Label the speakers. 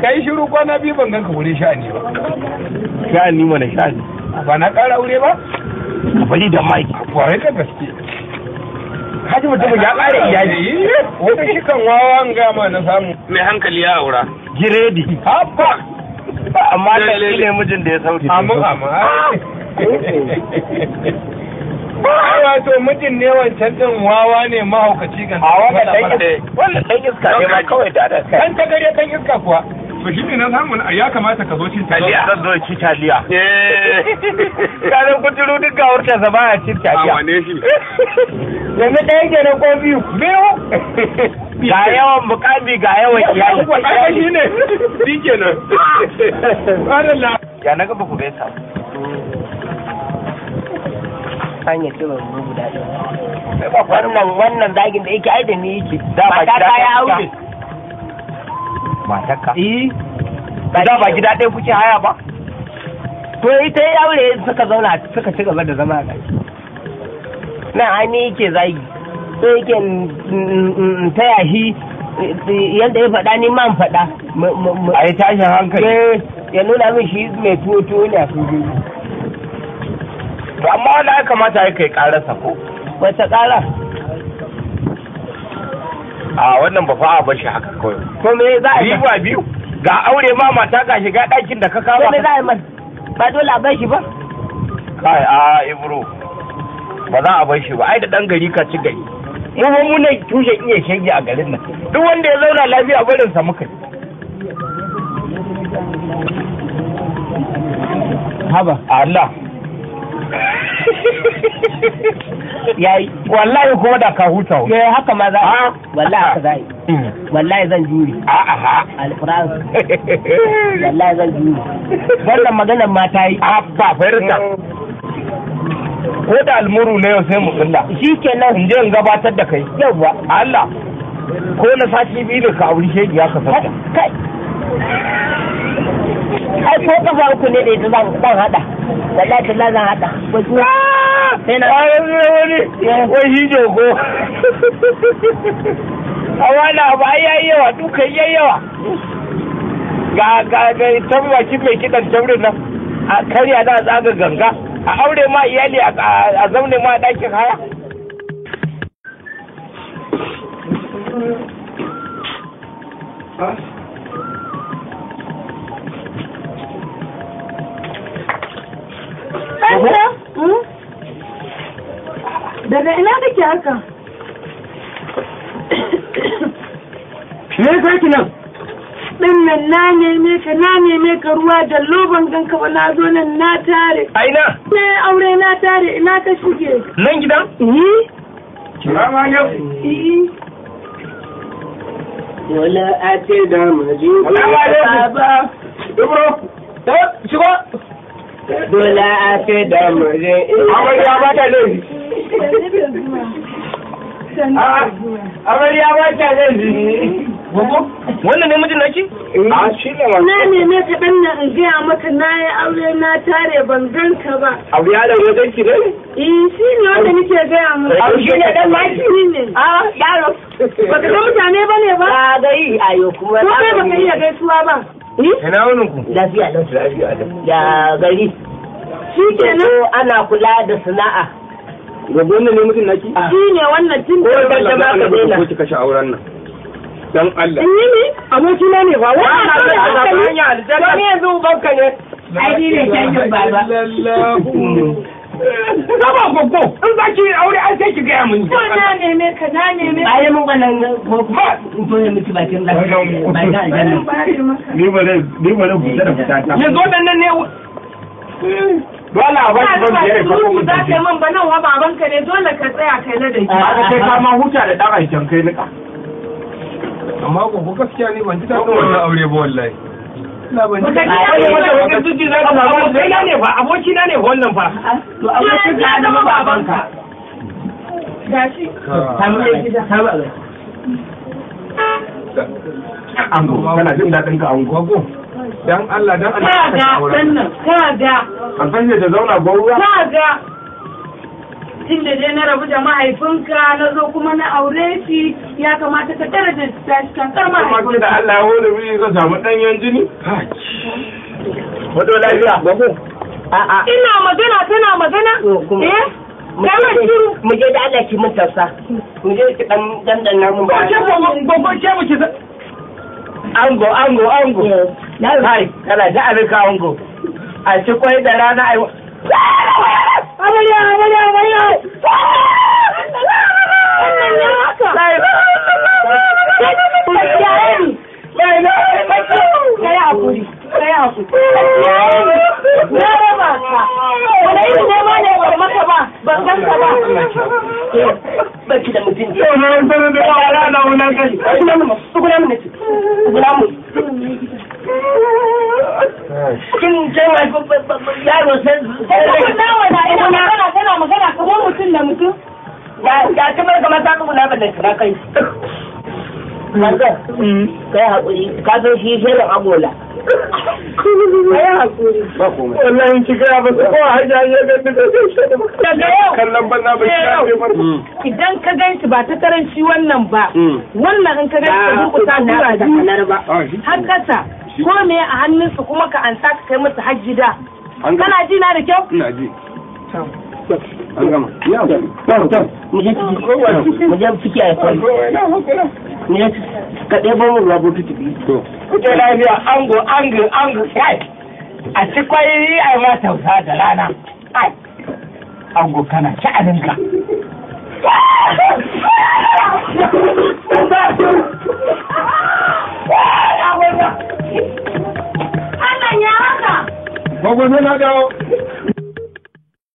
Speaker 1: ka yi shiru kwana biyu ban ganka wurin sha'ani ba sha'ani mana sha'ani ba na ƙara wuri ba ka bari da mike kwarai ka gaske haji mutum ya ƙara iyali wata shi kan wawa an gama na samu mai hankali ya aura giredi haba amma da ne mijin da ya sauke amma amma wato mijin ne wancan din wawa ne mahaukaci kan a wannan dan iska wannan dan iska ne ma kawai da da kai kan ta gare kan iska kuwa to shine na samu ya kamata ka zo cin taliya zan zo ci taliya eh kalan kuturu duk gawar ta zaba a cin taliya a wane shi yanzu ɗaya kenan ko biyu biyu ga yawan mukami ga yawan iyali ai shi ne shi kenan ya naga gaba ku gaisa hanyar ce mu guda ɗaya wannan wannan zagin da yake ai da ni yake mata ya aure matarka eh da ba gida ɗaya kuke haya ba to ita ya aure suka zauna suka ci gaba da zama a kai na hani yake zagi to yake ta shi yadda ya faɗa ni man faɗa a yi tashin hankali eh, ya nuna min shi mai tuwo tuwo ne a sojoji to amma wanda ya kamata ya kai karasa ko wata kara a wannan ba fa ba shi haka kawai to me za a yi ba biyu ga aure ma mata ga shiga ɗakin da ka kama me za a yi man ba dole a bar shi ba kai a ibro ba za a bar shi ba ai da dan gari ka ci gari mu ba mu ne tushe iya shege a garin nan duk wanda ya zauna lafiya barin sa muka haba Allah yayi wallahi kuma da ka huta ya eh, haka ma za ah. wallahi haka za hmm. wallahi zan juri a'a alquran wallahi zan juri wannan maganar ma ta yi a ba fahimta eh. ko da almuru na yau sai mu shi shikenan in je in gabatar da kai Yau ba Allah ko na sashi biyu da ka aure shegi ya kasance kai ai ko kafa uku ne da ita zan hada wallahi talla zan hada ah! sai na wani wani hijo ko a wani abu ai yayi yawa dukan yayi yawa ga ga ga tabba ki mai kidan tabrin nan a karya da tsaga ganga a aure ma iyali a zaune ma dakin haya Huh? Ah. da ina kake haka me kai ki nan din nan na neme ka na neme ka ruwa da loban ganka ba na zo nan na tare aina ne aure na tare ina ka shige nan gidan yi kira ma ne wala a ce da maji ba ba dubro eh, shigo wala a ce da maji amma ya ba ta laifi wannan ne mijin naki? a shi ne ma na ne na kaɗan na in gaya maka na yi aure na tare ban ganka ba abu ya da wajen ki ne? eh shi ne wanda nake gaya maka abu shi ne dan maki shi ne a yaro ka ga mutane ba ne ba a a ayo kuma ko kai ba baka iya gaisuwa ba ni eh? ina wani ku lafiya lafiya ya gari shi kenan ana kula da sana'a gobe wannan ne mutum naki ah. shi ne wannan da ba ka daina ko auren nan dan Allah ni ne aboki na ne fa wannan na da hanya aljanna ne yanzu banka ne ai ni ne Saba gogo, in za ki aure an sai ki gaya mun. Ko na neme ka na neme. Bayan mun wannan gogo. Ko ne miki bakin da. Bayan ga aljanna. Ni bare ni bare buɗe da fitata. Yanzu wannan ne dole a bashi ban biyar ba ko mutum min ba nan wa baban ka ne dole ka tsaya kai na da shi a kai ka ma huta da dan aikin kai nika amma ko gaskiya ne ban ji daɗin wannan aure ba wallahi abokina ne wannan fa to abokin ka da babanka gashi ango kana jin daɗin ka ango dan Allah dan Allah kaga sannan kaga an san ta zauna gwauruwa kaga tun da dai na rabu da mahaifinka na zo kuma na aure shi ya kamata ka tara da shankar mahaifinka. Kuma da Allah ya hore wuri ka samu ɗanyen jini? Wato lafiya. A'a. Ina magana tana magana? Eh? Mu je da Allah ki mun tausa. Mu je ki dan dan dan namu. Ko ce ko ko ce mu ki ango ango ango. hai kana ta abin kawon go a ci kwai da rana ai amarya amarya amarya wannan ya Ba kai hakuri kai hakuri na raba ka wani irin nema ne ba maka ba ban ganka ba baki da mutum ne na sanar da yara na wunan kai tsuguna mu tsuguna mu ne tsuguna mu kin kai yaro sai magana kana magana kamar mutum da mutum ya ci mai kamar ta tsuguna ba da kai Manzan, mm. kai haƙuri, ka san shi shirin agola. Kai haƙuri. Wallahi ki gaya ba su kowa hanya ya gani da zai shaɗi Daga yau. Kallon banna ba shi ya Idan ka gan shi ba ta karanci wannan ba, mm. wannan in ka gan shi ka ah. da ba. Ah, Har kasa. ko me a hannunsu kuma ka ansa ka kai musu hajji da? kana ji na da kyau ina ji an gama ya mu a kai mu ruwa to kuke kai a ci yi ma tausa da rana ai angu kana sha'aninka But when, when I go,